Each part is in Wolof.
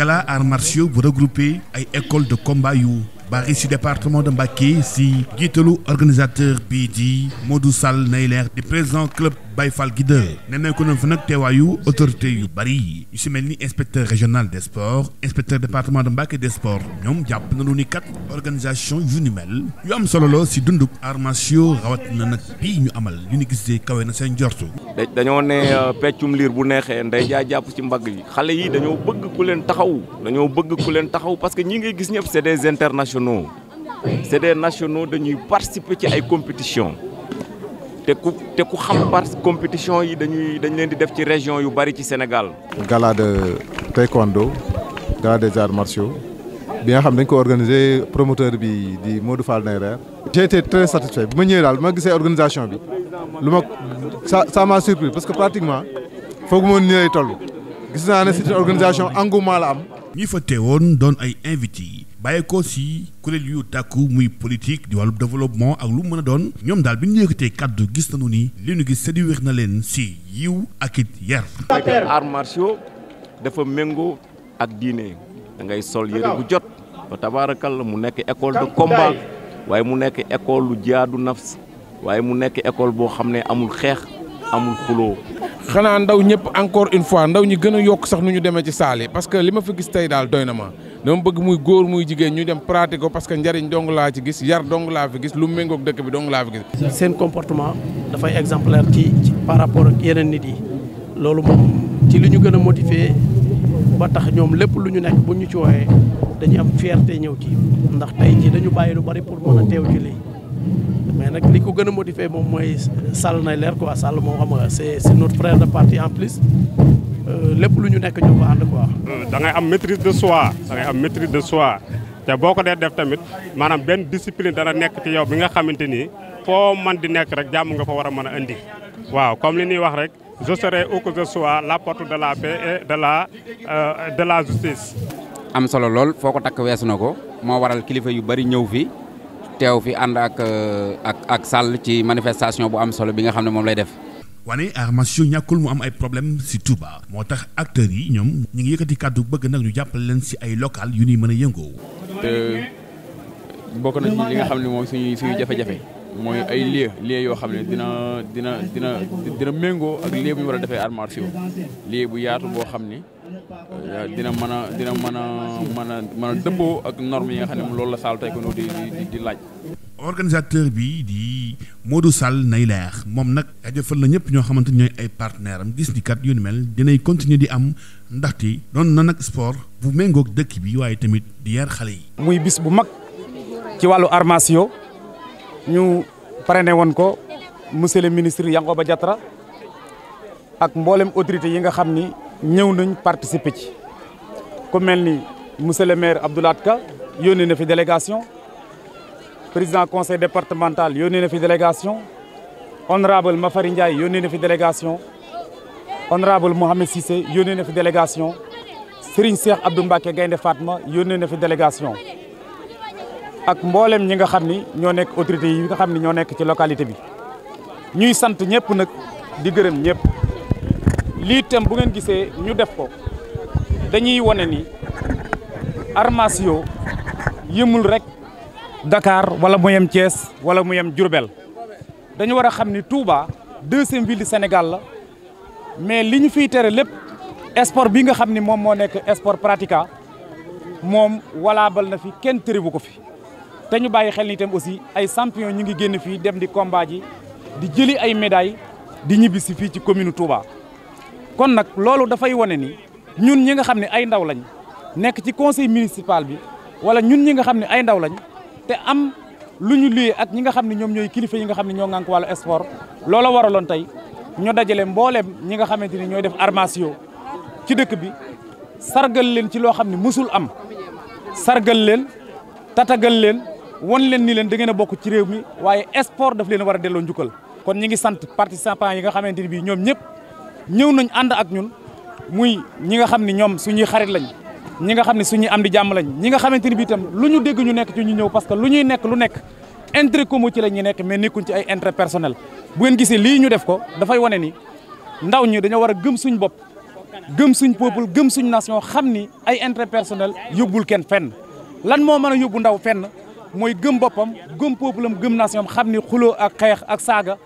gala arts martiaux bu regroupé ay école de combat yu bari ci département de Mbacké si jiitalu organisateur bii di Modou Sall Nayler di président club Baye Fall gi de nee nañ ko nag teewaayu autorité yu bari yi yu si mel ni inspecteur régional des sports inspecteur département de Mbacké des sports ñoom jàpp na lu ni kat organisation yu ni mel yu am solo la si dunduk arts martiaux rawat na nag bii ñu amal yu ni gisee kawe na seen jortu dañoo ne euh, peccum liir bu neexee nday jaa jàpp ci mbagg yi xale yi dañoo bëgg ku leen taxaw dañoo bëgg ku leen taxaw parce que ñi ngay gis ñëpp c'est des internationaux c'est des nationaux dañuy participer ci ay compétitions te ku te ku xam parce compétition yi dañuy dañu leen di def ci région yu bari ci Sénégal. gala de taekwondo gala des arts martiaux bi nga xam dañ ko organisé promoteur bi di Modou Fall Neyrer. j'ai été très satisfait bi ma ñëwee daal ma gisee organisation bi lu ma ça ça m'a surpris parce que pratiquement foog moo lay toll gis naa ne c'est une organisation engouement la am. ñi fa teewoon doon ay yi bàyyi ko si kuréel yu tàkku muy politique di wàllu développement ak lu mën a doon ñoom daal bi ñu yëkkatee kàddu gis nañu ni li ñu gis séduire na leen si yiw ak it yar. arts martiaux dafa méngoo ak diine da ngay sol yëre bu jot ba tabaarakalla mu nekk école de combat waaye mu nekk école lu jaadu nafs waaye mu nekk école boo xam ne amul xeex amul xuloo xanaa ndaw ñëpp encore une fois ndaw ñi gën a yokk sax nu ñu demee ci saal yi parce que li ma fa gis tey daal doy na dama bëgg muy góor muy jigéen ñu dem pratiquer ko parce que njariñ dong laa ci gis yar dong laa fi gis lu méngoog dëkk bi dong laa fi gis. seen comportement dafay exemplaire ci ci par rapport ak yeneen nit yi loolu moom ci li ñu gën a motiver ba tax ñoom lépp lu ñu nekk bu ñu ci waxee dañuy am fierté ñëw ci ndax tey jii dañu bàyyi lu bari pour mën a teew ci mais nag li ko gën a motiver moom mooy Sall nay leer ko quoi Sall moom am nga c'est c'est de parti en Euh, lépp lu ñu nekk ñoo ko ànd quoi. Euh, da ngay am maîtrise de soi da am maîtrise de soi te boo ko dee def tamit maanaam benn discipline dana nekk ci yow bi nga xamante ni foo man di nekk rek jàmm nga fa war a mën a indi. waaw comme li ñuy wax rek je serai où que la porte de la paix et de la euh, de justice. am solo lool foo ko takk weesu na ko moo waral kilifa yu bari ñëw fi teew fi ànd ak ak ak Sall ci manifestation bu am solo bi nga xam ne moom lay def. wane armation ñàkkul mu am ay problème si Touba moo tax acteurs yi ñoom ñu ngi yëkkati kàddu bëgg nag ñu jàppale leen si ay local yu ñuy mën a yëngoo. te euh, bokk na li nga xam ne moom suñuy suñuy jafe-jafe mooy ay lieux lieux yoo xam ne dina dina dina dina méngoo ak lieu bu war a defee armation lieu bu yaatu boo xam ne euh, dina mën a dina mën a mën a mën a ak normes yi nga xam ne loolu la saal tey ko di di di laaj. organisateur bii di Modou Sall nay leex moom nag jaajëfal na ñëpp ñoo xamante ñooy ay partenaire am gis ni kat yu ni mel dinay continuer di am ndaxte doon na nag sport bu méngoog dëkk bi waaye tamit di yar xale yi. muy bis bu mag ci wàllu armation ñu parrainé woon ko monsieur le ministre ba Diattara ak mboolem autorités yi nga xam ni ñëw nañ participer ci ku mel ni monsieur le maire Abdoulaye Ka yónnee na fi délégation. président conseil départemental yónnee na fi délégation honorable Mafari Ndiaye yónnee na fi délégation honorable Mohamed Cissé yónnee na fi délégation Serigne Cheikh Abdou Mbacké Gaynde faatma yónnee na fi délégation ak mboolem ñi nga xam ni ñoo nekk autorité yi nga xam ni ñoo nekk ci localité bi ñuy sant ñëpp nag di gërëm ñëpp lii tam bu ngeen gisee ñu def ko dañuy wane ni Arts Martiaux yëmul rek Dakar wala mu yem Thiès wala mu yem Diourbel dañu war a xam ni Touba deuxième ville du Sénégal la mais li ñu fiy tere lépp sport bi nga xam ni moom moo nekk sport pratica moom walaabal na fi kenn tëriwu ko fi te ñu bàyyi xel ni itam aussi ay champion ñu ngi génn fii dem di combat di jëli ay médailles di ñibbi si fii ci commune Touba kon nag loolu dafay wane ni ñun ñi nga xam ne ay ndaw lañ nekk ci conseil municipal bi wala ñun ñi nga xam ne ay ndaw lañ te am lu ñu luyee ak ñi nga xam ne ñoom ñooy kilifa yi nga xam ne ñoo ŋànk wàllu sport loola waraloon tey ñu dajale mbooleem ñi nga xamante ni ñooy def armation ci dëkk bi sargal leen ci loo xam ne musul am sargal leen tatagal leen won leen ni leen da ngeen a bokk ci réew mi waaye sport daf leen war a delloo njukal kon ñi ngi sant participants yi nga xamante ni bii ñoom ñëpp ñëw nañ ànd ak ñun muy ñi nga xam ni ñoom suñuy xarit lañ ñi nga xam ne suñuy am di jàmm ñi nga xamante ni bi itam lu ñu dégg ñu nekk ci ñu ñëw parce que lu ñuy nekk lu nekk intérêt commun ci la ñuy nekk mais nekkuñ ci ay intérêt personnel bu ngeen gisee lii ñu def ko dafay wane ni ndaw ñi dañoo war a gëm suñ bopp gëm suñ peuple gëm suñ nation xam ni ay intérêt personnel yóbbul kenn fenn lan moo mën a yóbbu ndaw fenn mooy gëm boppam gëm peuple am gëm nation xam ni xuloo ak xeex ak saaga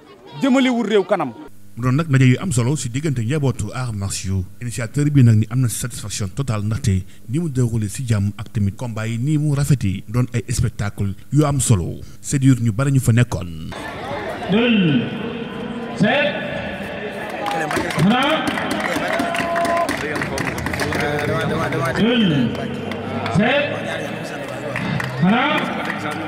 jëmalewul réew kanam mu doon nag ndaje yu am solo si diggante njabootu arts martiaux initiateur bi nag ni am na satisfaction totale ndaxte ni mu déroulé si jàmm ak tamit combat yi nii mu rafetee doon ay spectacle yu am solo séduire ñu bari ñu fa nekkoon. deux